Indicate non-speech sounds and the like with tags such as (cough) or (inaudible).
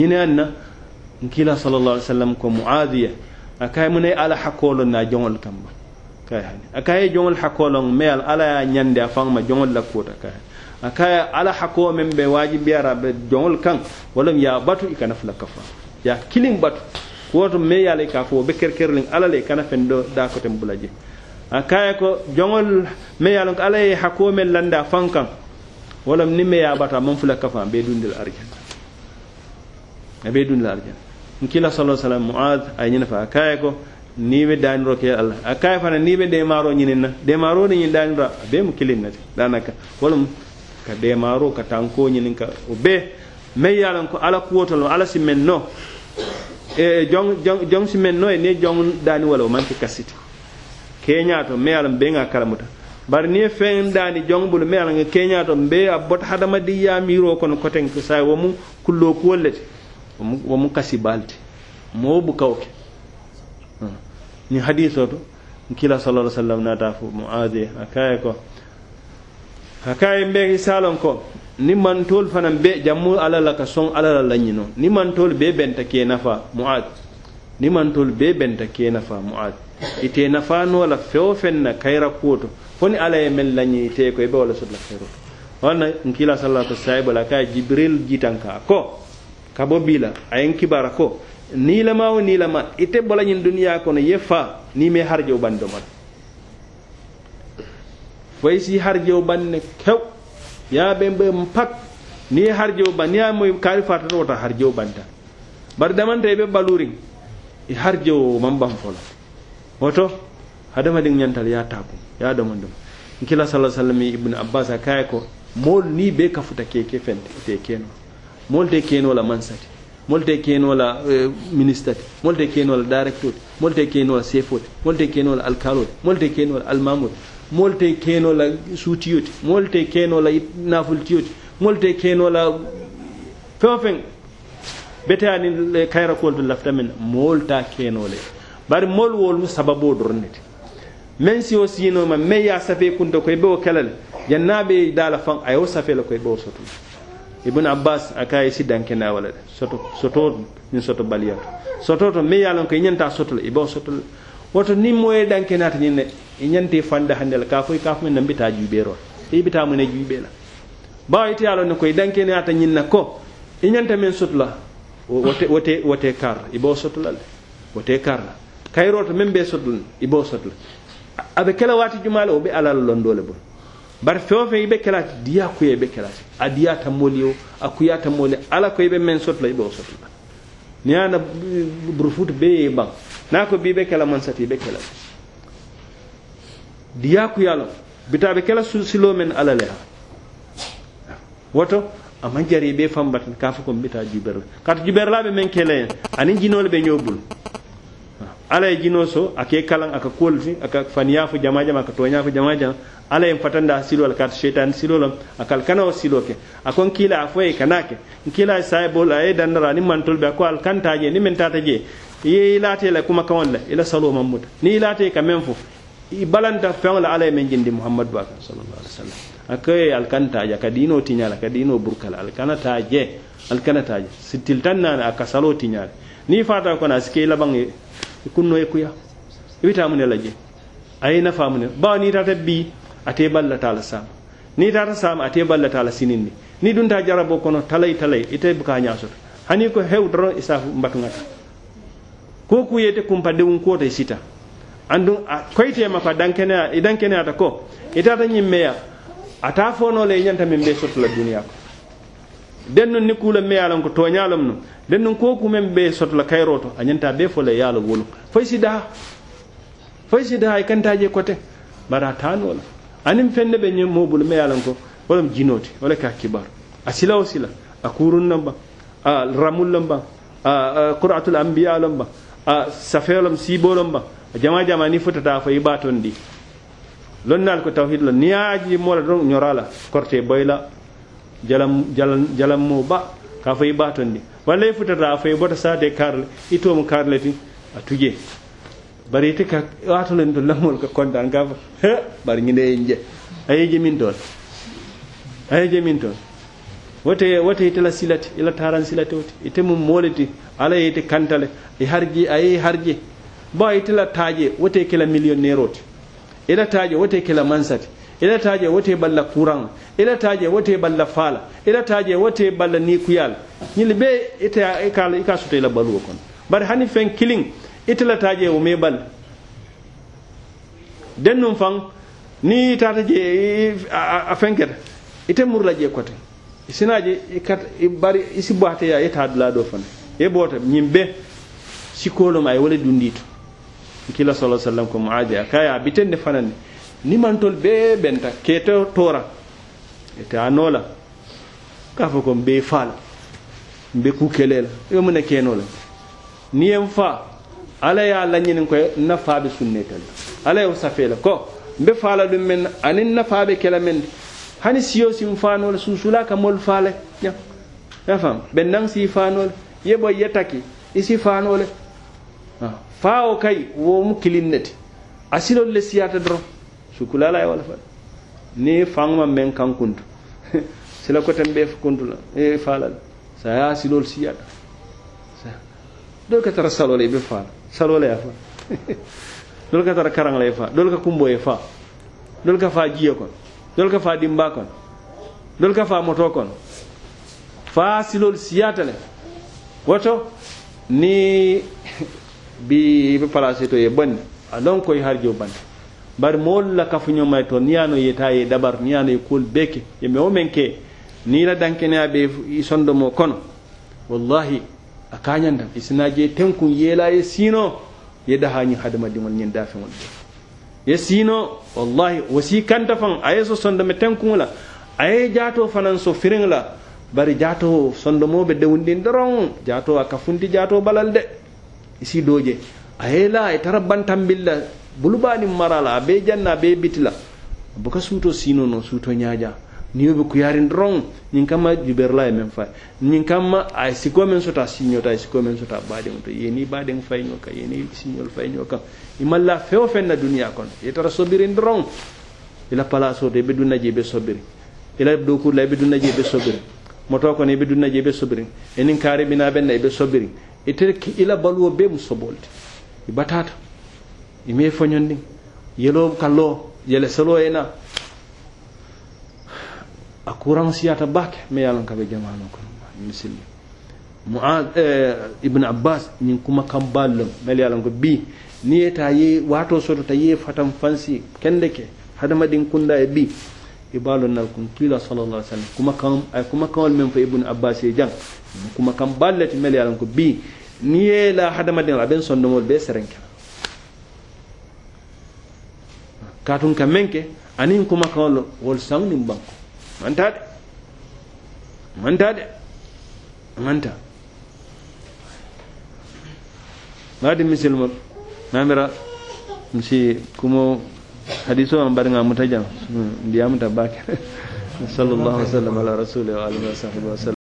ina anna nkila sallallahu alaihi wasallam ko muadiya akay munay ala hakolo na jongol kamba kay hani akay jongol hakolo me al ala nyande afan ma jongol la kota kay akay ala hakko men be wajibi ara be jongol kan wala ya batu ikana fla kafa ya kilim batu woto me yala ka fo be kerkerling ala le kana fendo da ko tem bulaje akay ko jongol me yala ala hakko men landa fankan wala ni me ya bata mon fla kafa be dundil arjana E a be dunde aljana n kila sala sallam moad a ñina fa a kaye ko ni be daniro ke allah a kaye fana ni be demaro ñinin na demaro ni ñin daniro a be mo kilin nati danaka wala ka demaro ka tanko ñinin ka o be mai yalan ko ala kuwotol ala simmen no e, e jong jong jong simmen no e ne jong dani wala o manke kasiti kenya to me yalan be nga kalamuta bar ni e fen dani jong bulu me yalan kenya to be a bot hadama di ya miro kon koten ko say wo mu kullo kuwolati wa mu kasi balti moo bu kawke hmm. ni hadiso to kila sallallahu sallam nata fo muadi akaye ko akaye mbe salon ko ni tol fanan be jammu alala ka son alala lanyino ni tol be benta ke nafa muad ni tol be benta ke nafa muad ite nafa no la fewo na kayra koto foni ala e mel lanyi ite ko e be wala sodla kayro wonna nkila sallallahu alaihi wasallam jibril jitanka ko kabo bila bila a ye ni la ko ni la ma ite bola ñiŋ dunya ko ye fa ni me harjo bando mat way si harjo banne kew ya a be mpak ni harjo ban ya moy ye a moyi harjo banta bari damanta be baluri i harjewo maŋ baŋ fo la woto hadamadiŋ ñantal ya a taakuŋ ye a domo sallallahu alaihi sala sallam ibnu abbas a kaye ko mol ni be kafuta keke fente te keno molte kenola mansati molte kenola eh, ministati molte kenola directote molte kenola sefote molte kenola alkalote molte kenola almamote molte kenola suutiyote molte kenola nafultiyote molte kenola fewo feng beteyani kayrakol to lafta men molta kenole bari molwol mu sababo dornete men si o siinoma meya safe kunta koye ɓe o kelal yannaɓe daala fan ayo safela koye ɓe o sotuma ibn abbas a kayi sidanke na wala de soto soto ni soto baliyato soto to me yalon ko nyanta soto le ibo soto le woto ni moye danke na tan ne nyanti fanda handel ka foy ka fumen nambita jubero ibita mun e jubela ba yiti yalon ne koy danke na tan nyinna ko e nyanta men soto la wote wote wote kar ibo soto la wote kar kayro to men be soto ibo soto la abe kala wati jumala o be alal londole bon bar feŋ feŋ i be kela ti diya kuya i be kela ti a moolu yo a kuyata moolu ala ko i be meŋ soto la i be wo soto la niŋ ye na burufutu bee ye baŋ niŋ a ko bii be man mansati i be kela ti diya kuya loŋ bita a be kela siloo meŋ ala le ha woto a maŋ jari i be faŋ batin ka a fo ko n bita juberla kaatu juberla be meŋ kele ye aniŋ jinoolu be ñoo bulu ala ye jinoo so a ka kalan a ka kuwolu ti a ka faniyaa fo jamaa jama a ka tooñaa fo jamaa jama ala ye fatanda a la kaata sheitani siloo la a ka alkanawo siloo ke akon kila n kiila a fo ye kana ke n kiila ye saayibolu a ye dandara aniŋ mantolu be ko al kanta je ni mentata je ye ilate la kuma kawon la ila salu mamuta ni ilate e ka menfu ibalanta i balanta feŋo la ala ye meŋ jindi muhammad ba sallallahu alaihi wasallam akay e al kanta alkanta kadino tinyala kadino diinoo al la a ka diinoo burka la je sitil tanna aka naani tinyala ni fata ko na sikila bangi kunno e kuya ibita mun la je ay nafa mun ba ni tata tabbi ate balla tala sam ni tata sam ate balla tala sinindi ni dun ta jarabo kono talay talay ite buka nyaasot hani ko hew doro isafu mbatu ngata ko ku yete kumpa de ko te sita ko koyte ma fa dankena idankena ta ko itata nyimmeya ata fono le nyanta min be sotla duniya ko den nun ni kuulen meyalan ko toñalom num den nun koku men be sotla kayro to a ñanta be fo le yaalo wolum fay si daa fay si daa e kanta je coté mbaɗa tanola anin fenne ɓe moɓulu meyalan ko walam jinoti wala ka kibar a sila o sila a kurunnom ba a ramullom ba a couratul ambiyalom ba a safelom sibolom ba a jama jama ni fotata fo yiɓa ton ɗi lonnal ko tawhid lo niyaji moɗa ɗon ñorala corté boyla jalam jalam jalam mo ba ka fay ba ton di walla e futata a fay bota sade karle itomo karle ti a tuje bari te ka wato len do lamol ka kondan ga he bar ngine en je ayi je min ton ayi je min ton wote wote te la silati ila taran silati wote ite mum moleti ala yete kantale e harji ayi harji ba ite la taje wote kala millionnaire wote ila taje wote kala mansati ila taje wote balla kuran ila taje wote balla fala ila taje wote balla nikuyal ñili be ita ikala ika suta ila balu kon bari hani fen kiling itala taje o me bal dennum fang ni tata je a fenket ite murla je kote sinaje ikat bari isi boate ya ita dula do fane e bota ñim be sikolum ay e wala dundito kila sallallahu alaihi wasallam ko muadi akaya bitende fanane nimantol ɓe ɓenta keto tora ete a noola ka fo kom ɓe faala mbe ku kelela yo mune kenola niyem fa ala ya lañinin koye nafaɓe sunnetel ala yo safela ko mbe faala ɗum men anin nafaɓe kela men de hani siyo sim fanola susula ka mol faala ña ya fam ɓe nang si fanole yeɓo yetaki isi fanole fa o kay womu kilinneti asilol le siyata drom sukulala e wala fa ni faŋma men kan kuntu (laughs) sila fu kuntu la e falal sa ya silol siyata dol ka tara salole be fa salole ya fa (laughs) dol ka tara karang le fa dol ka kumbo e fa dol ka fa jiya kono dol ka fa dimba kon dol ka fa moto kono fa silol siyata le woto ni (laughs) bi be palaseto ye bandi a lon harjo bande bari moolu la kafuñomay to niŋ ye no yeta ye dabar niŋ ye no ye kuolu bee ke ye mewo meŋ ke niŋ la dankeneya be i sondomo kono wallahi a kañandam i sina je tenkuŋ yeela ye siino ye daha ñiŋ hadamadiŋol ñiŋ daafeŋol de ye siino wallahi wasi kanta faŋ a ye so sondome tenkuŋo la a ye jaato fanaŋ so firiŋ la bari jaato sondomoo be dewundin doroŋ jaato a kafundi jaato balal de i si dooje a ye la ye tara bantambil la bulubani marala abe janna abe bitila buka suto sino no suto nyaja niyo be kuyarin drong nyin kama juberla e men nyin kama ay siko men sota sinyo ta siko men sota bade muto yeni bade ng fayno ka yeni sinyo fayno ka imalla feo fenna duniya kon yetara sobirin drong ila palaso de be dunna je be sobiri ila do kur la be dunna je be sobiri moto ko ne be dunna be sobiri enin kare bina benna be sobiri ite ila balwo be musobolti ibatata ime foñondi yelo kallo yele solo ena akuran siata bak bake me yalon kaɓe jamaano ko misilli muad eh, ibn abbas ñin kuma kam ballom mele yalon ko bi ni eta ta ye wato soto ta ye fatan fansi kende ke din kunda e bi ibalun e nal kun kila sallallahu alaihi wasallam kuma kam ay eh, kuma al mem fa ibn abbas e jang kuma kam ballati mele yalon ko bi ni ye la hadamadin aben sondomol be serenkela katun ka meŋ ke aniŋ kumakaŋolu wolu saŋ banko mantade mantade manta de misil maadi misilmol mamira msi kumo hadiso an bariŋa muta jaŋ ndiyamuta baake (laughs) sallallahu alaihi wa ala rasulihi wa alihi wa sahbihi wa sallam